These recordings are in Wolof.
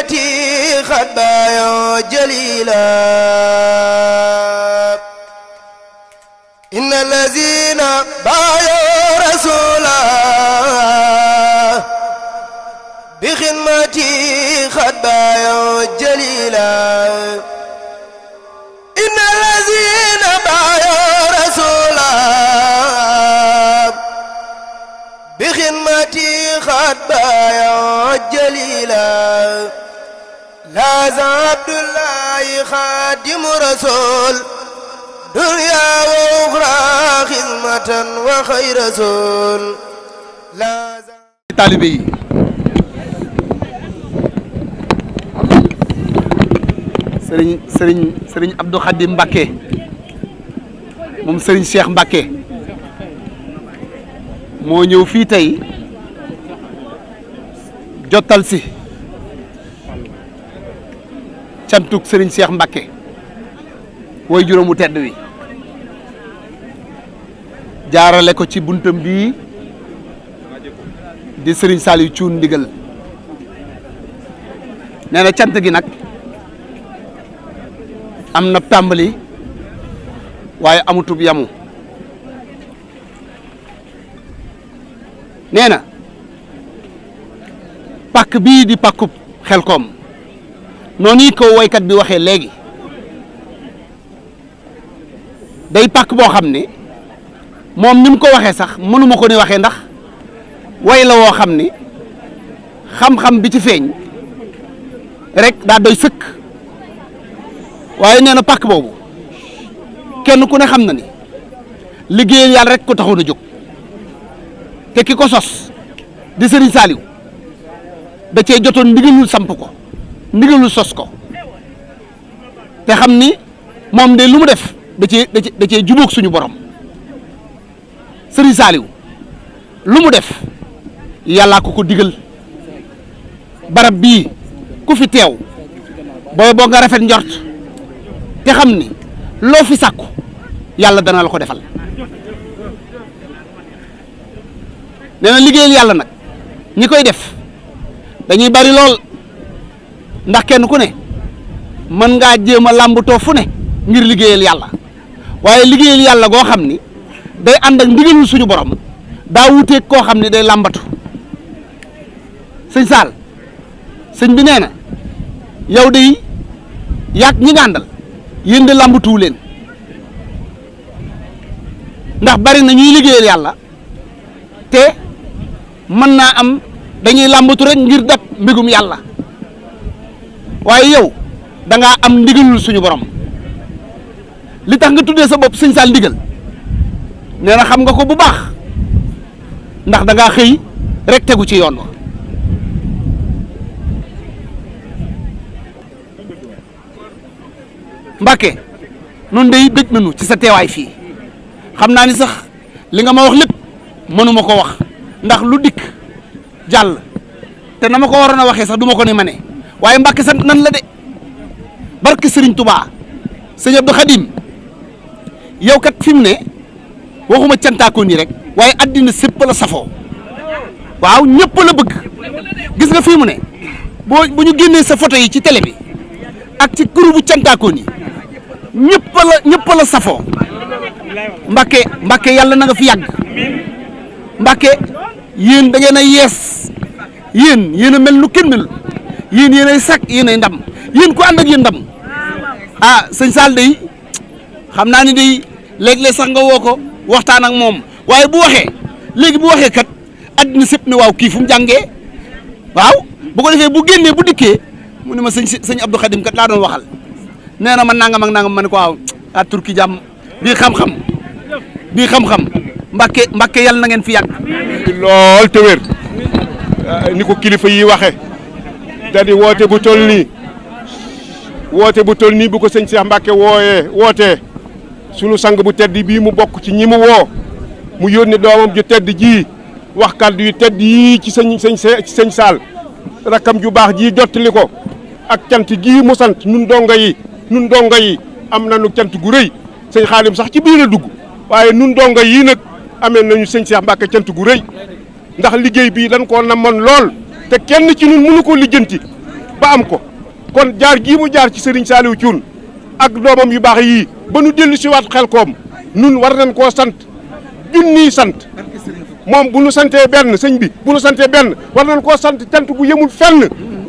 التي خبايا جليلا إن الذين بايعوا رسولا بخدمتي قد بايعوا جليلا إن الذين بايعوا رسولا بخدمتي قد بايعوا جليلا هذا عبد الله خادم رسول دنيا وأخرى خدمة وخير رسول لا taalibe yi sëriñ sëriñ sëriñ Abdou Khadim Mbacké moom sëriñ Cheikh Mbacké moo ñëw fii tey jottal si cantuk sëriñ Seex Mbakke way juróomu tedd wi jaarale ko ci buntam bii di sëriñ Saliou Thioune ndigal nee na cant gi nag am na tàmbali waaye amutub yamu nee na pàkk bii di pàkkub koom noonu ko woykat bi waxee léegi day pàkk boo xam ne moom ni mu ko waxee sax mënuma ko ni waxee ndax way la woo xam ni xam-xam bi ci feeñ rek daa doy sëkk waaye nee na pàkk boobu kenn ku ne xam na ni liggéeyal yàlla rek ko taxoon a jóg te ki ko sos di Serigne Saliou da cee jotoon ndigalul samp ko ndigalul sos ko te xam ni moom de lu mu def da ce da cee da cee jubóog suñu borom sëriñ Saaliw lu mu def yàllaa ko ko digal barab bii ku fi teew booy boo nga rafet njort te xam ni loo fi sàkku yàlla dana la ko defal nee na liggéeyal yàlla nag ñi koy def dañuy bari lool ndax kenn ku ne mën ngaa jéem a làmbatoo fu ne ngir liggéeyal yàlla waaye liggéeyal yàlla goo xam ni day ànd ak suñu borom daa wuteeg koo xam ni day làmbatu sëñ Saal sëñ bi nee na yow day yàgg ñi nga àndal yéen làmbatuwu leen ndax bari na ñuy liggéeyal yàlla te mën naa am dañuy làmbatu rek ngir dak mbégum yàlla waaye yow da am ndigalul suñu borom li tax nga tuddee sa bopp sëñ Saal ndigal nee na xam nga ko bu baax ndax da xëy rek tegu ci yoon wa Mbàkke noonu day bëgg nañu ci sa teewaay fii xam naa ni sax li nga ma wax lépp mënuma ko wax ndax lu dikk jàll te na ma ko waroon a waxee sax duma ko ni ma ne waaye Mbàkke sant nan la de barke Serigne Touba sëñ Abdou Khadim yow kat fi mu ne waxuma cantaakoo nii rek waaye addina sépp la safoo waaw ñëpp la bëgg gis nga fii mu ne boo bu ñu génnee sa photo yi ci télé bi ak ci groupe bu cantaakoo nii ñëpp la ñëpp la safoo Mbàkke Mbàkke yàlla nanga fi yàgg Mbàkke yéen da ngeen a yees yéen yéen a mel nu kenn melul yéen yéen ay sakk yéen ay ndam yéen ku ànd ak yéen ndam ah sëñ Sall day xam naa ni day léeg sax nga woo ko waxtaan ak moom waaye bu waxee léegi bu waxee kat àddina sëpp ne waaw kii fu mu jàngee waaw bu ko defee bu génnee bu dikkee mu ne ma sëñ sëñ Abdou Khadim kat laa doon waxal nee na ma nangam ak nangam ma ne ko waaw ah turki jàmm bii xam-xam bii xam-xam mbàkke mbàkke yàlla na ngeen fi yàgg. lool te wér ni ko kilifa yi waxee. c'est-à-dire woote bu toll nii woote bu toll nii bu ko sëñ Cheikh Mbacke wooye woote sunu sang bu tedd bii mu bokk ci ñi mu woo mu yónni doomam ju tedd ji wax kàddu yu tedd yii ci sëñ sëñ sëñ Saal rakkam ju baax jii jottali ko ak cant gii mu sant nun donga yi nun donga yi am nañu cant gu rëy sëñ Xaadim sax ci biir la dugg waaye nun donga yii nag amee nañu sëñ Cheikh Mbacke cant gu rëy ndax liggéey bii dañ koo namoon lool. te kenn ci ñun munu ko lijjanti ba am ko kon jaar gii mu jaar ci sëriñ Saliou Thioune ak doomam yu baax yii ba nu dellu si waat xel koom nun war nañ koo sant junniy sant moom bu nu santee benn sëñ bi bu nu santee benn war nañ koo sant cant gu yemul fenn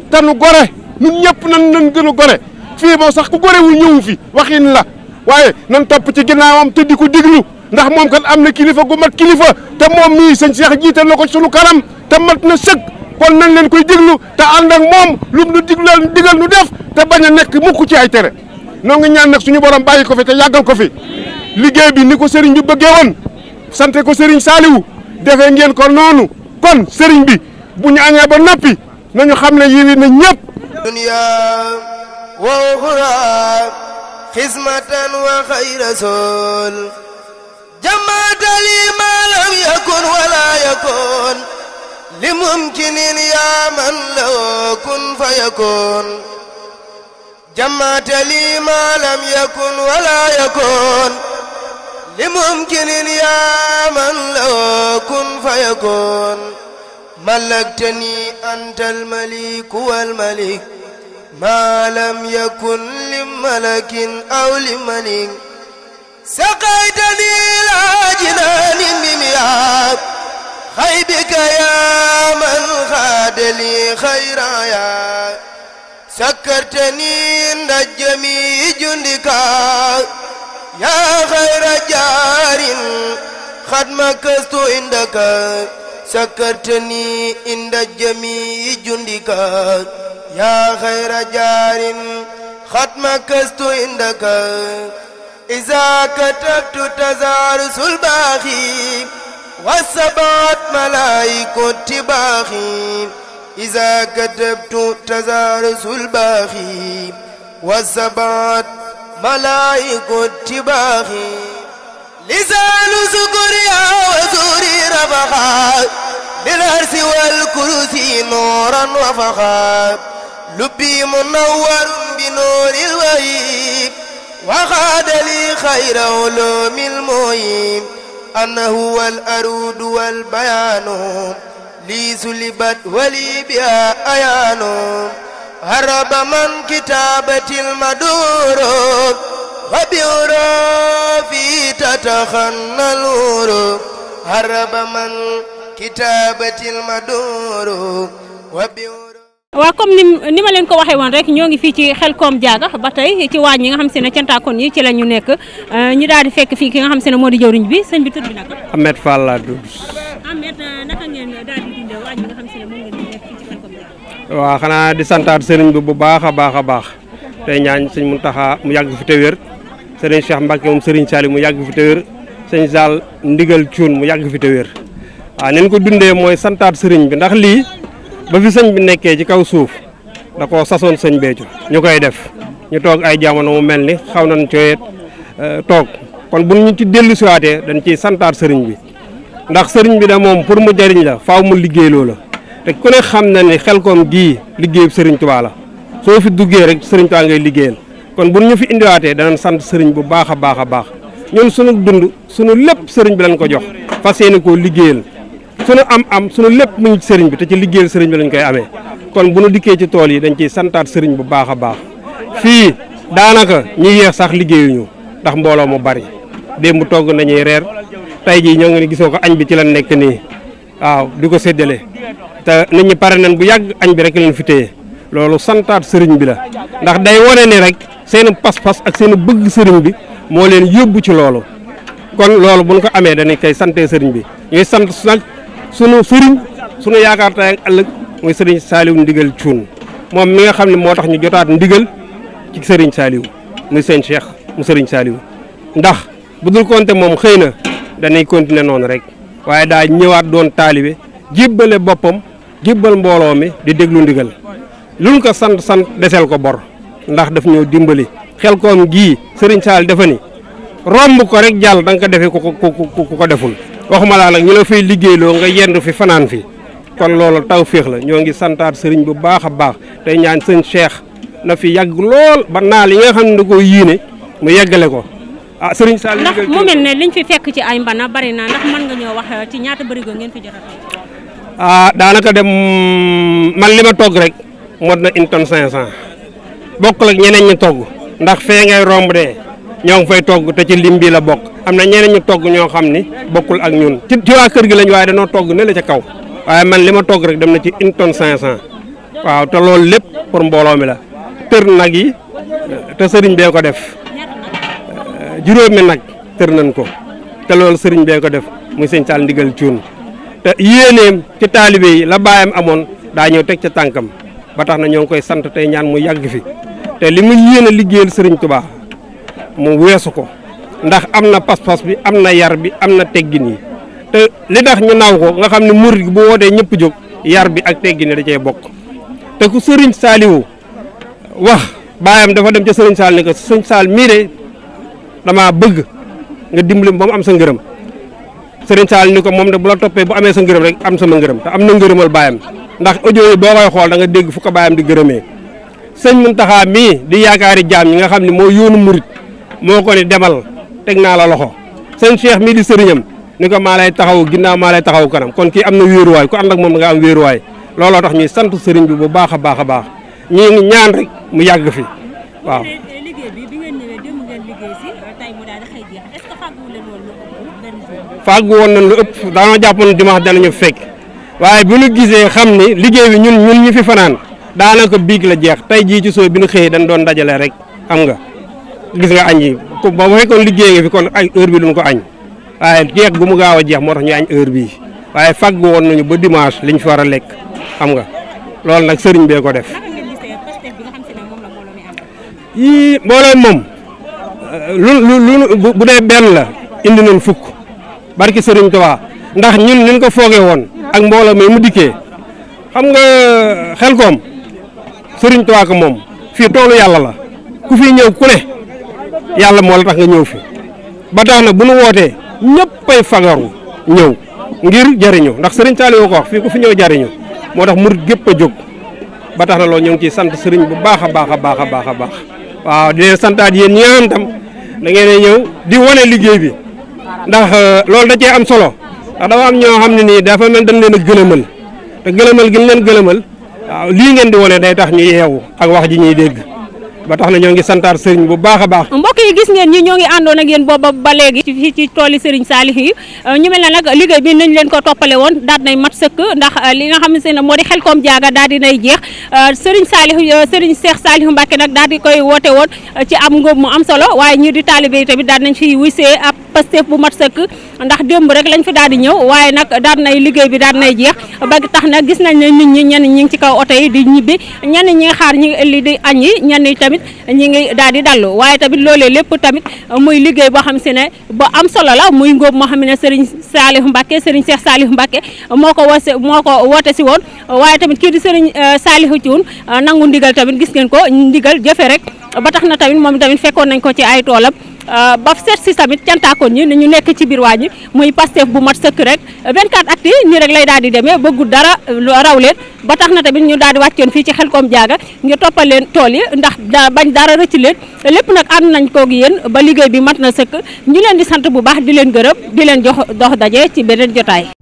te nu gore nun ñëpp nan nan gën a gore fii moom sax ku gore gorewul ñëwu fi waxin la waaye nan topp ci ginnaawam te di ko diglu ndax moom kat am na kilifa gu mat kilifa te moom mii sëñ Cheikh jiital na ko sunu kanam te mat na sëg kon nañ leen koy diglu te ànd ak moom lu nu diglal digal nu def te bañ a nekk mukk ci ay tere noo ngi ñaan nag suñu borom bàyyi ko fi te yàggal ko fi liggéey bi ni ko sëriñ bi bëggee woon sante ko sëriñ Saaliwu defee en ko noonu kon sëriñ bi bu ñu añee ba noppi nañu xam ne yiwi na ñëpp dunya wa uxra xismatan wa xayra sol jamaatal yi ma lam yakun wala yakun لممكن يا من له كن فيكون جمعت لي ما لم يكن ولا يكون لممكن يا من له كن فيكون ملكتني أنت المليك والملك ما لم يكن لملك أو لملك سقيتني إلى جنان بمياه xay bika yaa man xaadali xayra yaa sakkartani nda jami jundika yaa xayra jaarin xadma kastu inda jami jundika yaa xayra jaarin xadma kastu katabtu tazaarusul baaxi وسبعت ملائكة باخي إذا كتبت تزارس الباخي وسبعت ملائكة باخي لسان سكريا وزوري رفخا بالعرس والكرسي نورا وفخا لبي منور بنور الوهيب وخاد لي خير علوم المهيب أنا هو الأرود والبيان لي سلبت ولي بها أيان هرب من كتابة المدور وبعرافي تتخنى الور هرب من كتابة المدور وبعرافي waaw comme ni ni ma leen ko waxee woon rek ñoo ngi fii ci Xelcom Diaga ba tey ci waañ yi nga xam se ne cantaakoon yi ci la ñu nekk euh, ñi daal di fekk fii ki nga xam se ne moo di jëwriñ bi sëñ bi tudd bi nag. Ahmed Fall laa tudd. Ahmed euh, xanaa di santaat sëriñ bi bu baax a baax a baax tey ñaan mu Muntaxa mu yàgg fi te wér sëriñ Cheikh Mbacke moom sëriñ Sali mu yàgg fi te wér sëñ Sall ndigal cuun mu yàgg fi te wér waaw ko dundee mooy santaat sëriñ bi ndax lii ba fi sëñ bi nekkee ci kaw suuf da koo sasoon sëñ Béthio ñu koy def ñu toog ay jamono mu mel ni xaw nañ cooyee euh, toog kon bu ñu ci dellu siwaatee dañ ciy santaat sëriñ bi ndax sëriñ bi da moom pour mu jariñ la faw mu liggéey loo la te ku ne xam na ni xel Xelkom gii liggéeyu sëriñ Tuubaa la soo fi duggee rek sëriñ Tuubaa ngay liggéeyal kon bu ñu fi indiwaatee danañ sant sëriñ bu baax a baax a baax ñun sunu dund sunu lépp sëriñ bi lañ ko jox fas yéene koo liggéeyal sunu am-am sunu lépp mu ngi sëriñ bi te ci liggéeyal sëriñ bi lañ koy amee kon bu nu dikkee ci tool yi dañ ciy santaat sëriñ bu baax a baax fii daanaka ñu yeex sax liggéeyuñu ndax mbooloo mu bari démb togg nañuy reer tey jii ñoo ngi ne gisoo ko añ bi ci lan nekk nii waaw di ko séddale te nit ñi pare nañ bu yàgg añ bi rek leen fi téye loolu santaat sëriñ bi la ndax day wane ne rek seen pas-pas ak seen bëgg sëriñ bi moo leen yóbbu ci loolu kon loolu buñ ko amee dañuy koy sante bi ñuy sant sunu sëriñ sunu yaakaar tey ak ëllëg mooy sëriñ Saliou Ndigal Thioune moom mi nga xam ne moo tax ñu jotaat ndigal ci sëriñ Saliou muy sëñ Cheikh mu sëriñ Saliou ndax bu dul compter moom xëy na danay continuer noonu rek waaye daa ñëwaat doon taalibe jibbale boppam jibbal mbooloo mi di déglu ndigal luñ ko sant sant desel ko bor ndax daf ñoo dimbali xel koom gii sëriñ Saliou dafa ni romb ko rek jàll da ko defee ku ko ku ko deful. waxuma laa nag ñu la fay liggéeyloo nga yendu fi fanaan fi kon loolu taw féex la ñoo ngi santaat sëriñ bu baax a baax tey ñaan sëñ Cheikh na fi yàgg lool ba naal yi nga xam ne da koo yéene mu yeggale ko ah sëriñ saa ndax liñ fi fekk ci ay mbana bari na ndax mën nga ñoo wax eh, ci ñaata bërigo ngeen fi jot a ah, daanaka dem man li ma togg rek mot na une tonne cinq cent la ak ñeneen ñi togg ndax fee ngay romb dee ñoo ngi fay togg te ci lim bi la bokk am na ñeneen ñu togg ñoo xam ni bokkul ak ñun ci waa kër gi lañ waaye danoo togg ne la ci kaw waaye man li ma togg rek dem na ci une tonne cinq cent loolu lépp pour mbooloo mi la tër nag yi te sëriñ bee ko def eh, juróomi nag tër nañ ko te loolu sëriñ bee ko def muy sëñ Saal ndigal cuun te yéeneem ci taalibe yi la baayam amoon daa ñëw teg ci tànkam ba tax na ñoo ngi koy sant tey ñaan mu yàgg fi te li mu yéene liggéeyal sëriñ Tuubaa mu weesu ko ndax am na pas bi am na yar bi am na teggin yi te li tax ñu naaw ko nga xam ne murit gi bu wootee ñëpp jóg yar bi ak teggin yi da cee bokk te ku sëriñ saaliwu wax baayam dafa dem ca sëriñ saal ni ko sëriñ saal mii de dama bëgg nga dimbali ba mu am sa ngërëm sëriñ ni ko moom de bu la toppee bu amee sa ngërëm rek am sama ngërëm te am na ngërëmal baayam ndax audio yi boo koy xool da nga dégg fu ko baayam di gërëmee sëñ Muntaxa mii di yaakaari jaam ñi nga xam ne moo yoonu murit moo ko ne demal teg naa la loxo sëñ Cheikh mii di sëriñam ni ko maa lay taxaw ginnaaw maa lay taxaw kanam kon kii am na wéeruwaay ko ànd ak moom da nga am wéeruwaay looloo tax ñuy sant sëriñ bi bu baax a baax a baax ñi ngi ñaan rek mu yàgg fi waaw. woon na lu ëpp daanoo jàpp ne dimanche danañu fekk waaye bu ñu gisee xam ne liggéey bi ñun ñu fi fanaan daanaka biig la jeex tey jii ci soo bi ñu xëyee dañ doon dajale rek xam nga. gis nga añ yi ba bu fekkoon liggéey nga fi kon ay heure bi ko añ waaye jeex bu mu gaaw a jeex moo tax ñu añ heure bii waaye fàgg woon nañu ba dimanche liñ fi war a lekk xam nga loolu nag sëriñ bee ko def. yii mbooloo moom bu dee benn la indi nañ fukk barki sëriñ Tuubaa ndax ñun niñ ko foogee woon ak mbooloo mu dikkee xam nga xel koom sëriñ Tuubaa ko moom fii toolu yàlla la ku fi ñëw ku yàlla moo la tax nga ñëw fi ba tax na bu nu wootee ñëppay fagaru ñëw ngir jariñu ndax sëriñ Saliou ko wax fii ku fi ñëw jariñu moo tax murit gépp a jóg ba tax na loolu ñoo ngi ciy sant sëriñ bu baax a baax a baax a baax a baax waaw di leen santaat yéen ñi nga xam tam da ngeen ñëw di wane liggéey bi ndax euh, loolu da cee am solo ndax dafa am ñoo xam ne nii dafa mel dañ leen a gëlëmal te gëlëmal gi ñu leen gëlëmal waaw lii ngeen di wane day tax ñu yeewu ak wax ji ñuy dégg boo tax na ñoo ngi santaar sëriñ bu baax a baax mbokk yi gis ngeen ñi ñoo ngi àndoon ak yéen booba ba léegi ci fii ci tooli sëriñ Saalix yi ñu mel ne nag liggéey bi nañ leen ko toppale woon daal nay mat sëkk ndax euh, li nga xam ne moo di xel koom jaaga daal di nay jeex euh, sëriñ Saalix euh, sëriñ Seex Saalix Mbàkke nag daal di koy woote woon ci am ngóob mu am solo waaye ñii di taalibe yi tamit daal nañ fi wuysee ab pasteef bu mat sëkk ndax démb rek lañ fi daal di ñëw waaye nag daal nay liggéey bi daal nay jeex ba tax na gis nañ ne nit ñi ñenn ñi ngi ci kaw oto yi di ñibbi ñenn ñi xaar ñi ngi ëlli di añ yi ñenn ñi tamit ñi ngi daal di dallu waaye tamit loolee lépp tamit muy liggéey boo xam si ne ba am solo la muy ngóob moo xam ne sëriñ Salif Mbacke sëriñ Cheikh Salif Mbacke moo ko woote moo ko woote si woon waaye tamit kii di sëriñ euh, Salif Thioune euh, nangu ndigal tamit gis ngeen ko ndigal jëfe rek ba tax na tamit moom tamit fekkoon nañ ko ci ay toolam Euh, ba seet si tamit cantaakoon ñi ni ñu nekk ci biir waa ñi muy Pastef bu mat sëkk rek 24 actu yi nii rek lay daal di demee bëggul dara raw leen ba tax na tamit ñu daal di wàccoon fii ci xel Xelkom jaaga ngir toppal leen tool yi ndax bañ dara rëcc leen lépp nag ànd nañ kook yéen ba liggéey bi mat na sëkk ñi leen di sant bu baax di leen gërëm di leen jox dox daje ci beneen jotaay